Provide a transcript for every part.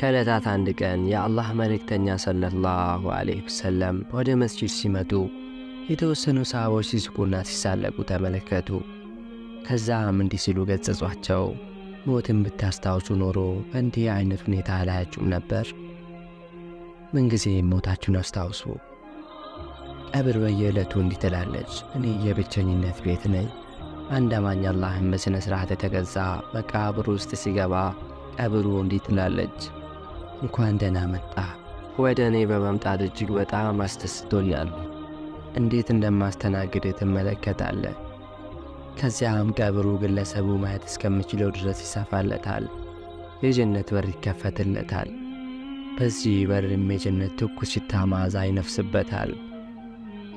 ከዕለታት አንድ ቀን የአላህ መልእክተኛ ሰለላሁ ዐለይሂ ወሰለም ወደ መስጂድ ሲመጡ የተወሰኑ ሰሃቦች ሲስቁና ሲሳለቁ ተመለከቱ። ከዛም እንዲህ ሲሉ ገጸጿቸው። ሞትን ብታስታውሱ ኖሮ እንዲህ አይነት ሁኔታ አላያችሁም ነበር። ምንጊዜም ሞታችሁን አስታውሱ። ቀብር በየዕለቱ እንዲህ ትላለች፣ እኔ የብቸኝነት ቤት ነኝ። አንድ አማኝ አላህም በሥነ ሥርዓት የተገዛ መቃብር ውስጥ ሲገባ ቀብሩ እንዲህ ትላለች እንኳን ደህና መጣ። ወደ እኔ በመምጣት እጅግ በጣም አስደስቶኛል። እንዴት እንደማስተናግድ ትመለከታለህ። ከዚያም ቀብሩ ግለሰቡ ማየት እስከምችለው ድረስ ይሰፋለታል። የጀነት በር ይከፈትለታል። በዚህ በርም የጀነት ትኩስ ሽታ መዓዛ ይነፍስበታል።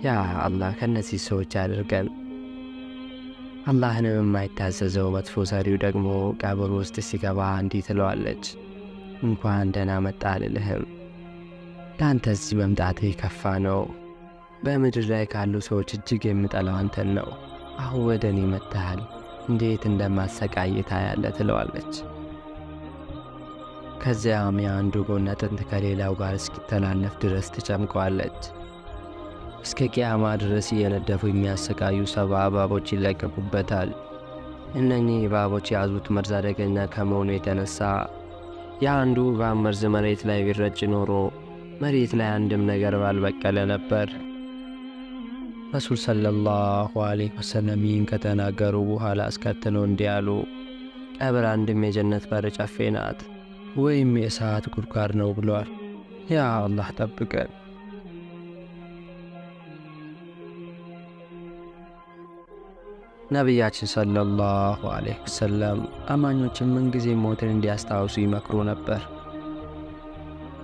ያ አላህ ከእነዚህ ሰዎች አድርገን! አላህንም የማይታዘዘው መጥፎ ሰሪው ደግሞ ቀብር ውስጥ ሲገባ እንዲህ ትለዋለች። እንኳን ደህና መጣ አልልህም። ለአንተ እዚህ መምጣትህ የከፋ ነው። በምድር ላይ ካሉ ሰዎች እጅግ የምጠላው አንተን ነው። አሁን ወደ እኔ መጥተሃል፣ እንዴት እንደማሰቃይ ታያለ ትለዋለች። ከዚያም የአንዱ ጎን አጥንት ከሌላው ጋር እስኪተላለፍ ድረስ ትጨምቀዋለች። እስከ ቅያማ ድረስ እየነደፉ የሚያሰቃዩ ሰባ እባቦች ይለቀቁበታል። እነኚህ እባቦች የያዙት መርዝ አደገኛ ከመሆኑ የተነሳ የአንዱ እባብ መርዝ መሬት ላይ ቢረጭ ኖሮ መሬት ላይ አንድም ነገር ባልበቀለ ነበር። ረሱል ሰለላሁ ዐለይሂ ወሰለም ይህን ከተናገሩ በኋላ አስከትለው እንዲህ አሉ። ቀብር አንድም የጀነት በር ጨፌ ናት ወይም የእሳት ጉድጓድ ነው ብሏል። ያ አላህ ጠብቀን። ነቢያችን ሰለላሁ ዐለይሂ ወሰለም አማኞችን ምንጊዜ ሞትን እንዲያስታውሱ ይመክሩ ነበር።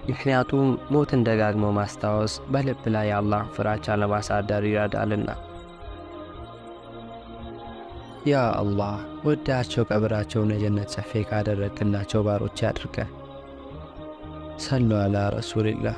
ምክንያቱም ሞትን ደጋግሞ ማስታወስ በልብ ላይ የአላህን ፍራቻ ለማሳደር ይረዳልና። ያ አላህ ወዳቸው ቀብራቸውን የጀነት ሰፌ ካደረግክላቸው ባሮች ያድርገን። ሰሉ አላ ረሱልላህ